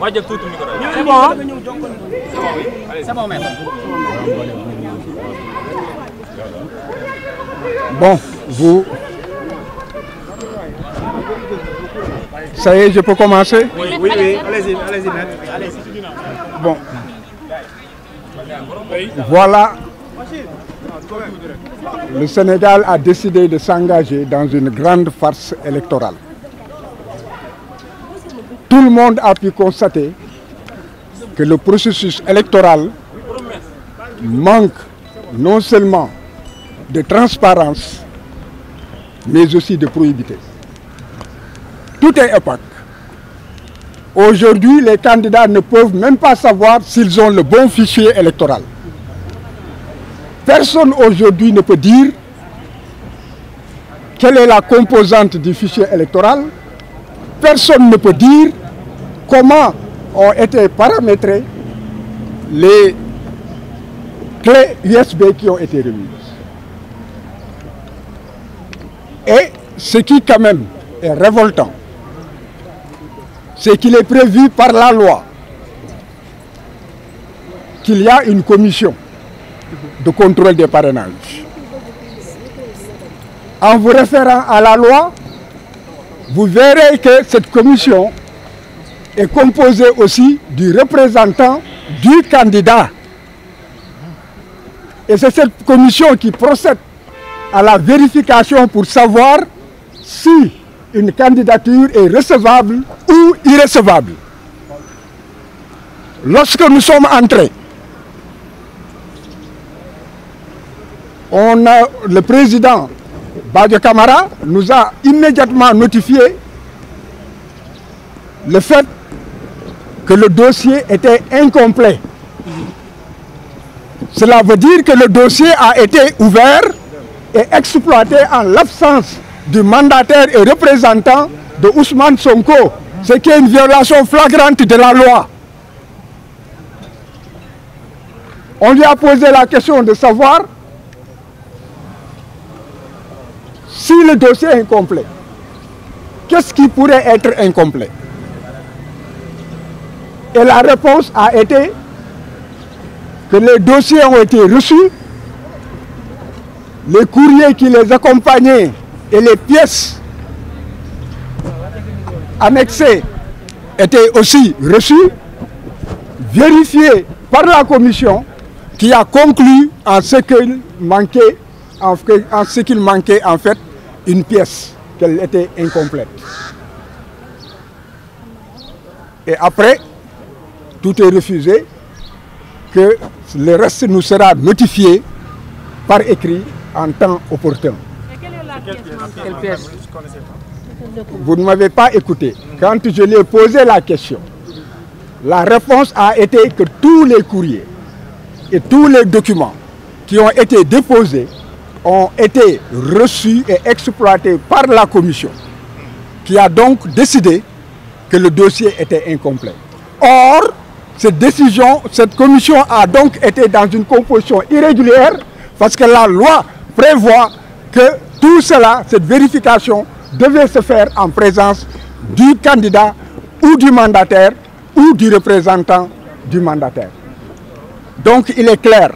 waajal tuuti micro bi. c'est bon. vous. Ça y je peux commencer? Bon. Voilà. Le Sénégal a décidé de s'engager dans une grande farce électorale. Tout le monde a pu constater que le processus électoral manque non seulement de transparence, mais aussi de prohibité. Tout est opaque. Aujourd'hui, les candidats ne peuvent même pas savoir s'ils ont le bon fichier électoral. Personne aujourd'hui ne peut dire quelle est la composante du fichier électoral. Personne ne peut dire comment ont été paramétrées les clés USB qui ont été remises. Et ce qui quand même est révoltant, c'est qu'il est prévu par la loi qu'il y a une commission de contrôle des parrainages. En vous référant à la loi, vous verrez que cette commission est composée aussi du représentant du candidat. Et c'est cette commission qui procède à la vérification pour savoir si une candidature est recevable ou irrecevable. Lorsque nous sommes entrés on a, le président Badio Camara nous a immédiatement notifié le fait que le dossier était incomplet. Cela veut dire que le dossier a été ouvert et exploité en l'absence du mandataire et représentant de Ousmane Sonko, ce une violation flagrante de la loi. On lui a posé la question de savoir Si le dossier est incomplet, qu'est-ce qui pourrait être incomplet Et la réponse a été que les dossiers ont été reçus, les courriers qui les accompagnaient et les pièces annexées étaient aussi reçues, vérifiées par la commission qui a conclu en ce qu'il manquait, en ce qu'il en fait une pièce qu'elle était incomplète. Et après, tout est refusé, que le reste nous sera notifié par écrit en temps opportun. Et quelle est la pièce, quelle Vous ne m'avez pas écouté. Quand je lui posé la question, la réponse a été que tous les courriers et tous les documents qui ont été déposés ont été reçus et exploités par la commission, qui a donc décidé que le dossier était incomplet. Or, cette décision, cette commission a donc été dans une composition irrégulière parce que la loi prévoit que tout cela, cette vérification, devait se faire en présence du candidat ou du mandataire ou du représentant du mandataire. Donc il est clair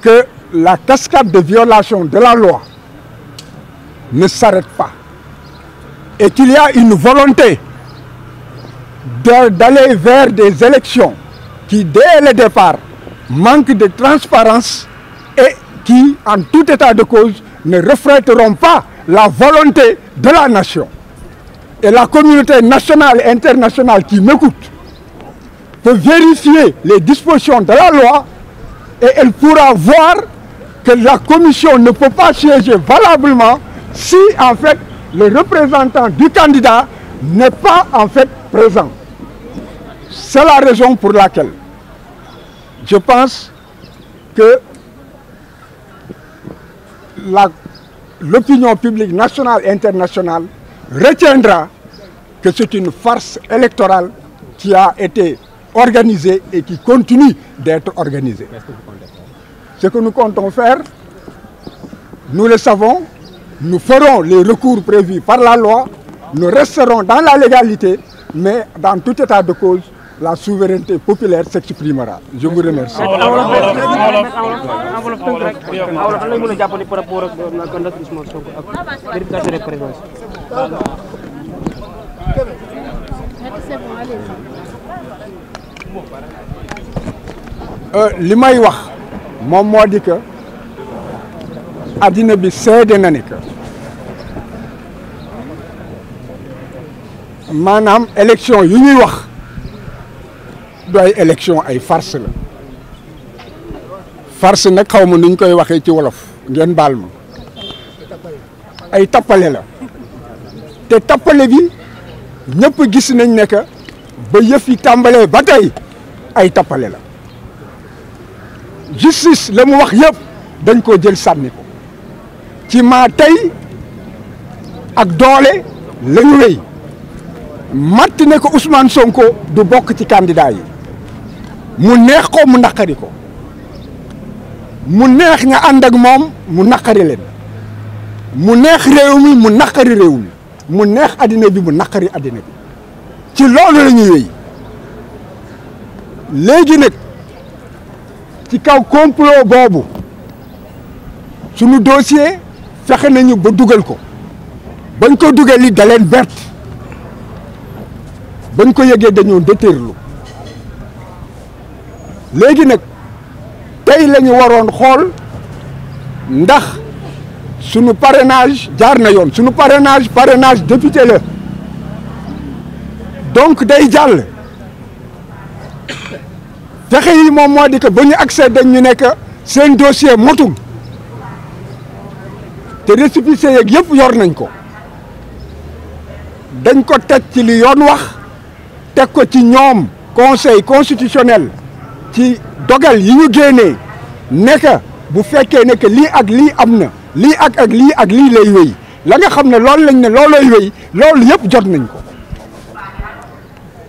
que la cascade de violations de la loi ne s'arrête pas et qu'il y a une volonté d'aller vers des élections qui, dès le départ, manquent de transparence et qui, en tout état de cause, ne reflèteront pas la volonté de la nation. Et la communauté nationale et internationale qui m'écoute peut vérifier les dispositions de la loi et elle pourra voir que la commission ne peut pas siéger valablement si en fait le représentant du candidat n'est pas en fait présent. C'est la raison pour laquelle je pense que l'opinion publique nationale et internationale retiendra que c'est une force électorale qui a été organisée et qui continue d'être organisée. Ce que nous comptons faire, nous le savons, nous ferons les recours prévus par la loi, nous resterons dans la légalité, mais dans tout état de cause, la souveraineté populaire s'exprimera. Je vous remercie. li may wax moom moo di que addina bi seede na ni que maanaam élection yu ñuy wax du ay ay farce la farce nag xaw ma nuñ koy waxee ci wolof ngeen baal ma ay tappale la te tappale bi ñëpp gis nañ ne que ba yëf yi tàmbalee ba tey ay tappale la justice la mu wax yépp dañ koo jël sànni ko ci maa tey ak doole la ñu wéy matt ne ko Ousmane Sonko du bokk ci candidat yi mu neex ko mu naqari ko mu neex nga ànd ak moom mu naqari leen mu neex réew mi mu naqari réew mi mu neex àddina bi mu naqari àddina bi ci loolu la ñuy wéy léegi nag ci kaw complot boobu sunu dossier fexe nañu ba dugal ko bañ ko dugal li da leen bañ ko yëgee dañoo déterlu léegi nag tey la waroon xool ndax sunu parenage jaar na yoon sunu parenage parenage député la donc day jàll pexe yi moom moo di que ba ñu accès dañ ñu nekk seen dossier motul te récépissé yeeg yëpp yor nañ ko dañ ko teg ci li yoon wax teg ko ci ñoom conseil constitutionnel ci dogal yi ñu génnee nekk bu fekkee ne que lii ak lii am na lii ak ak lii ak lii lay wéy la nga xam ne loolu lañ ne loolooy wéy loolu yëpp jot nañ ko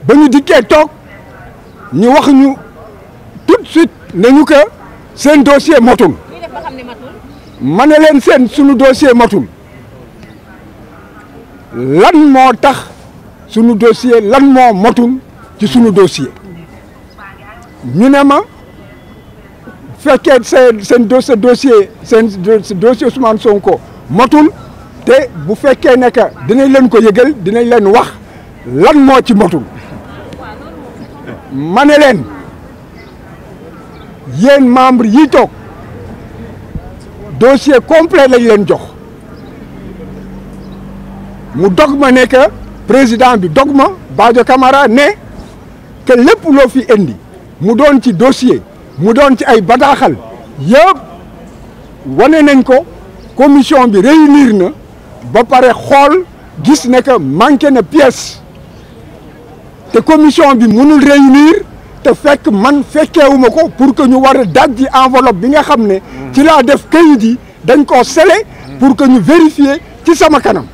ba ñu dikkee toog ñu waxñu de suite nañu ko seen dossier matul ma ne leen seen sunu dossier matul lan moo tax sunu dossier lan moo matul ci sunu dossier ñu ne ma fekkee seen seen do dossier seen dossier Ousmane Sonko matul te bu fekkee ne que dinañ leen ko yëgal dinañ leen wax lan moo ci matul ma ne leen. yéen membre yi toog dossier complet lañ leen jox mu dog ma ne que président bi dog ma Badio Camara ne que lépp fi indi mu doon ci dossier mu doon ci ay bataaxal yëpp wane nañ ko commission bi réunir na ba pare xool gis ne que manqué na pièce te commission bi mënul réunir te fekk man fekkewuma ko pour que ñu war a daj ji enveloppe bi nga xam ne ci laa def kayit yi dañ koo sele pour que ñu vérifier ci sama kanam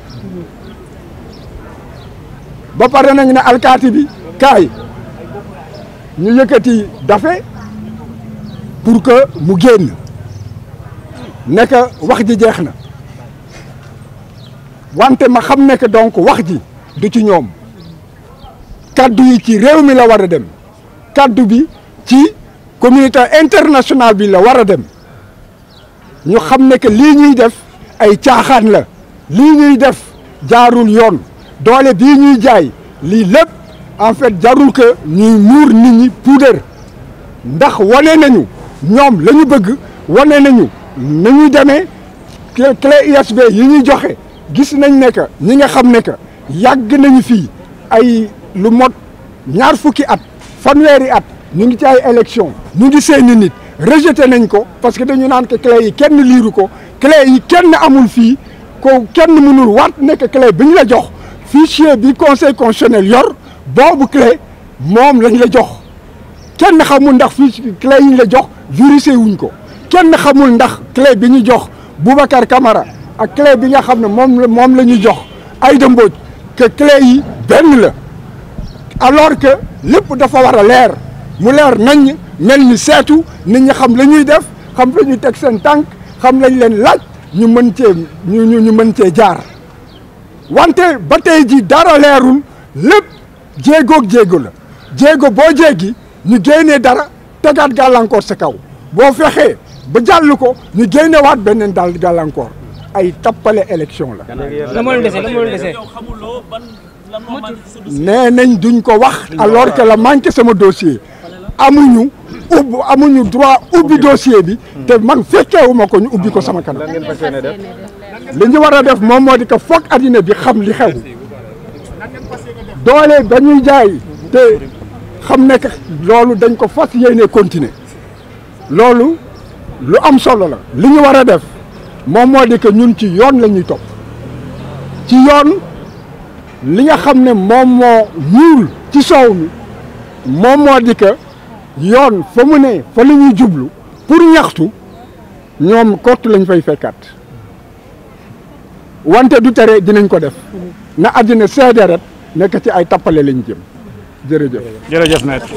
ba pare nañ ne alkaati bi kaay ñu yëkkati dafe pour que mu génn ne que wax ji jeex na wante ma xam nekk donc wax ji du ci ñoom kaddu yi ci réew mi la war a dem kaddu bi ci communauté internationale bi la war a dem ñu xam ne que lii ñuy def ay caaxaan la lii ñuy def jaarul yoon doole bii ñuy jaay lii lépp en fait jarul que ñuy muur nit ñi puudar ndax wane nañu ñoom lañu bëgg wane nañu na ñuy demee clé USB yi ñuy joxe gis nañ ne que ñi nga xam ne que yàgg nañu fi ay lu mot ñaar fukki at fanweeri at ñu ngi ci ay élection ñu ngi seeni nit rejeté nañ ko parce que dañu naan que clé yi kenn liiru ko clé yi kenn amul fii ko kenn mënul ne nekk clé bi ñu la jox fii fichier bi conseil constitutionnel yor boobu clé moom lañ la jox kenn xamul ndax fichier clé yi ñu la jox vérifié wuñ ko kenn xamul ndax clé bi ñu jox Boubacar kamara ak clé bi nga xam ne moom moom la ñu jox ay Mbodj que clé yi benn la alors que lépp dafa war a leer mu leer nañ mel ni seetu nit ñi xam la ñuy def xam la ñuy teg seen tànk xam lañ leen laaj ñu mën cee ñu ñu mën cee jaar wante ba tey ji dara leerul lépp jéegoog jéego la jéego boo jéegi ñu génnee dara tegaat gàllankoor sa kaw boo fexee ba jàll ko ñu waat beneen daal gàllankoor ay tappale élection la. nee nañ duñ ko wax alors que la manqué sama dossier amuñu ubbi amuñu droit ubbi dossier bi te man fekkewuma ko ñu ubbi ko sama kanam li ñu war a def moom moo di que foog addina bi xam li xew doole dañuy jaay te xam ne loolu dañ ko fas ne continuer loolu lu am solo la li ñu war a def moom moo di que ñun ci yoon la ñuy topp ci yoon li nga xam ne moom moo ñuul ci soow mi moom moo di que yoon fa mu ne fa la ñuy jublu pour ñaxtu ñoom kott lañ fay fekkaat wante du tere dinañ ko def na àddina seede ret nekk ci ay tappale lañ jëm jërëjëf. jërëjëf maître.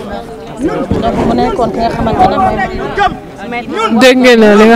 ne mooy.